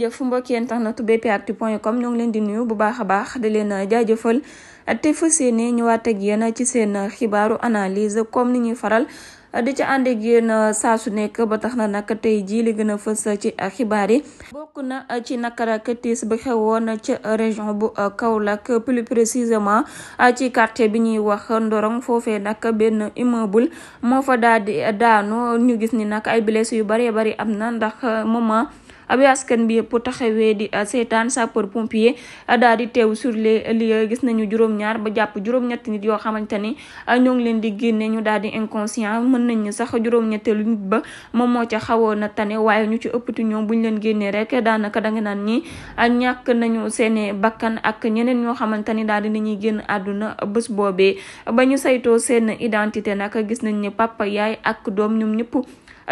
jëf mbokk yéen tax na tu bpactu point com ñoo ngi leen di nuyu bu baax a baax di leen jaajëfal te fas yéene ñëwaat ak yéen ci seen xibaaru analyse comme ni ñuy faral di ci ànd ak yéen saa su nekk ba tax na nag tey jii li gën a fës ci xibaar yi. bokk na ci nakar ak tiis bi xewoon ci région bu kaw Kaolack plus précisément ci quartier bi ñuy wax Ndorong foofee nag benn immeuble moo fa daal di daanu ñu gis ni nag ay blessés yu bëree bëri am na ndax moment. bi askan bi yëpp taxawee di ah, seetaan sapeur pompier ah, daal di teew sur les lieux gis nañu juróom-ñaar ba jàpp juróom-ñetti nit yoo xamante ni ah, ñoo ngi leen di génne ñu daal di inconscient mën nañu sax juróom-ñetteelu nit ba moom moo ca xawoon na tane waaye ñu ci ëppati ñoom bu leen génnee rek daanaka da nga naan ñi ñàkk nañu seeni bakkan ak ñeneen ñoo xamante ni daal di nañuy génn àdduna bés boobee ba ñu saytoo seen identité nag gis nañ ni papa yaay ak doom ñoom ñëpp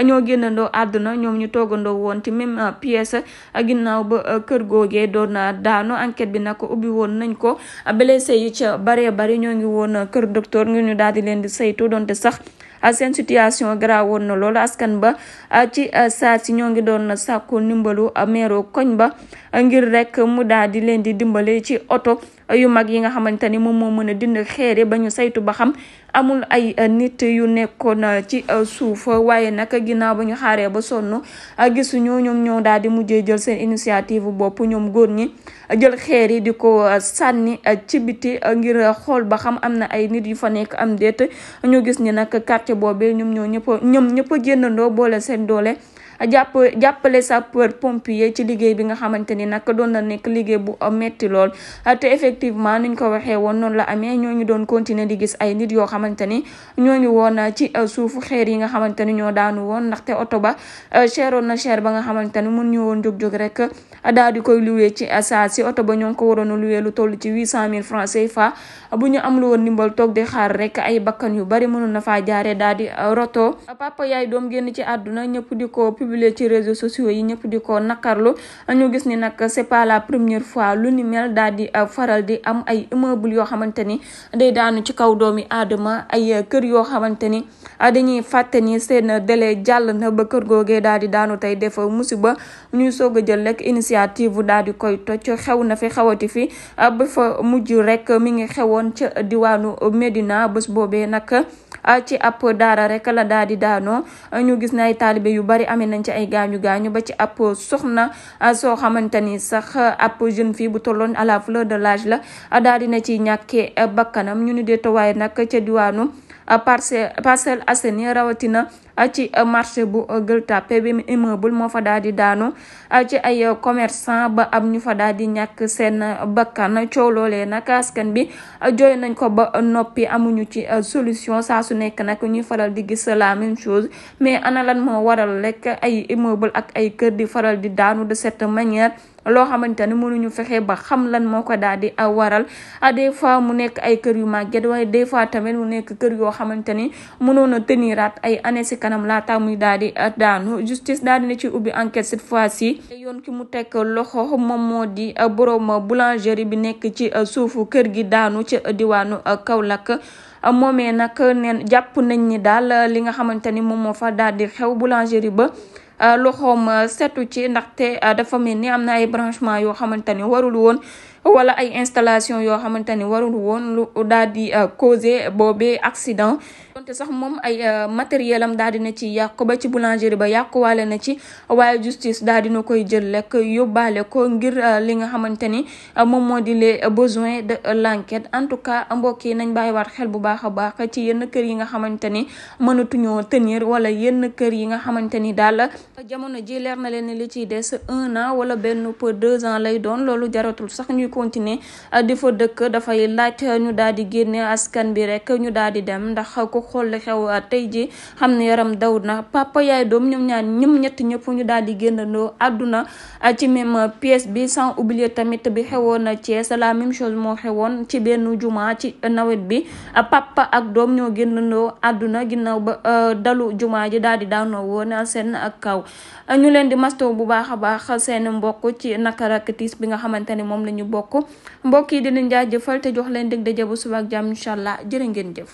ñoo génnandoo àdduna ñoom ñu toggandoo woon ci même a euh, euh, ginnaaw ba euh, kër googee doon na daano enquête bi nag ubbi woon nañ ko blessé yi ca baree bari ñoo ngi woon kër docteur ngir ñu daal di leen di saytu donte sax seen situation grave woon na loolu askan ba ci saa si ñoo ngi doon na sàkku ndimbalu meero koñ ba ngir rekk mu daal di leen di dimbale ci oto yu mag yi nga xamante ni moom moo mën a dind xeere ba ñu saytu ba xam amul ay euh, nit yu nekkoon euh, ci euh, suuf waaye nag ginnaaw ba ñu xaaree ba sonn gisuñu ñoom ñoo daal di mujjee jël seen initiative bopp ñoom góor ñi jël xeer yi di ko sànni ci biti ngir xool ba xam am na ay nit yu fa nekk am déet ñu gis ñi nag quartier boobee ñoom ñoo ñëpp ñoom ñëpp a génnandoo boole seen doole a jàpp jàppale sapeur pompier ci liggéey bi nga xamante ni nag doon na nekk liggéey bu uh, metti lool uh, te effectivement nuñ ko waxee woon noonu la amee ñoo ngi doon continuer di gis ay nit yoo xamante ni ñoo ngi woon uh, ci suufu xeer yi nga xamante ni ñoo daanu woon ndaxte oto ba cheroon na cher ba nga xamante ni mun ñu woon jóg-jóg rek daal di koy luwee ci saa si oto ba ñoo ngi ko waroon a luwee lu tollu ci huit cent mille francs CFA bu ñu am lu woon ndimbal toog di xaar rek ay bakkan yu bari mënoon na faa jaaree daal di uh, roto papa yaay doom génn ci àdduna ñëpp di ko publier ci réseaux sociaux yi ñëpp di ko nakarlu ñu gis ni nag c'est pas la première fois lu ni mel daal di uh, faral di am ay immeuble yoo xamante ni day daanu ci kaw doomi adama ay uh, kër yoo xamante ni dañuy fàtte ni seen délai jàll na ba kër googee daal di daanu tey def musiba ñuy soog jël rek initiative initiative daal di koy toc xew na fi xewati fi ah, ba fa mujj rek mi ngi xewoon ca diwaanu Medina bés boobee nag ah, ci ab daara rek la daal di daanoo ñu gis na ay yu bari amee nañ ci ay gaañu gaañu ba ci ab soxna ah, soo xamante ni sax ab jeune fille bu tolloon à la fleur de lage la daal di na ci ñàkkee bakkanam ñu ni dee towaay nag ca diwaanu. Parcelles Parcelles Assainies rawatina ci marché bu Gueule Tapée bi immeuble moo fa daal di daanu ci ay commerçant ba am ñu fa daal di ñàkk seen bakkan coow loolee nag askan bi jooy nañ ko ba noppi amuñu ci solution saa su nekk nag ñuy faral di gis la même chose mais ana moo waral rek ay immeuble ak ay kër di faral di daanu de cette manière loo xamante ne mënuñu fexe ba xam lan moo ko daal di a waral ah, des fois mu nekk ay kër yu màgget waaye des fois tamit mu nekk kër yoo xamante ni mënoon a teniraat ay année si kanam laata muy daal di daanu justice daal dina ci ubbi enquête cette fois ci yoon ki mu teg loxo moom moo di ah, borom boulangerie bi nekk ci ah, suufu kër gi daanu ci diwaanu Kaolack moomee nag jàpp nañ ni daal li nga xamante ni moom moo fa daal di xew boulangerie ba loxoom setu ci ndaxte dafa mel ni am na ay branchement yoo xamante ni warul woon wala ay installation yoo xamante ni warul woon lu daal di euh, causé boobee accident donte sax moom ay euh, matériel am daal dina ci yàqu ba ci boulangerie ba yàquwaale na ci waaye justice daal dina koy jël lekk yóbbaale ko ngir euh, li nga xamante ni moom moo di les besoins de l'enquête en tout cas mbokk yi nañ waat xel bu baax a baax ci yenn kër yi nga xamante ni mënatuñoo tenir wala yenn kër yi nga xamante ni daal jamono ji leer na leen li ciy des un an wala benn peu continuer euh, di fa dëkk dafay laaj ñu daal di génne askan bi rek ñu daal di dem ndax ku xool li xew euh, tey ji xam ne yaram daw na papa yaay doom ñoom ñaar ñëm ñett ñëpp ñu daal di génnandoo àdduna euh, ci même pièce bi sans oublier tamit bi xewoon na Thiès la même chose moo xewoon ci benn juma ci nawet bi papa ak doom ñoo génnandoo àdduna ginnaaw ba dalu juma ji daal di daanoo woon seen ak kaw ñu leen di masto bu baax a baax seen mbokk ci nakar ak tiis bi nga xamante moom la bokk mbokk mbokk yi dinañ jaajëfal te jox leen dëgg daje bu suba ak jàmm incha allah jërë ngeen jëf.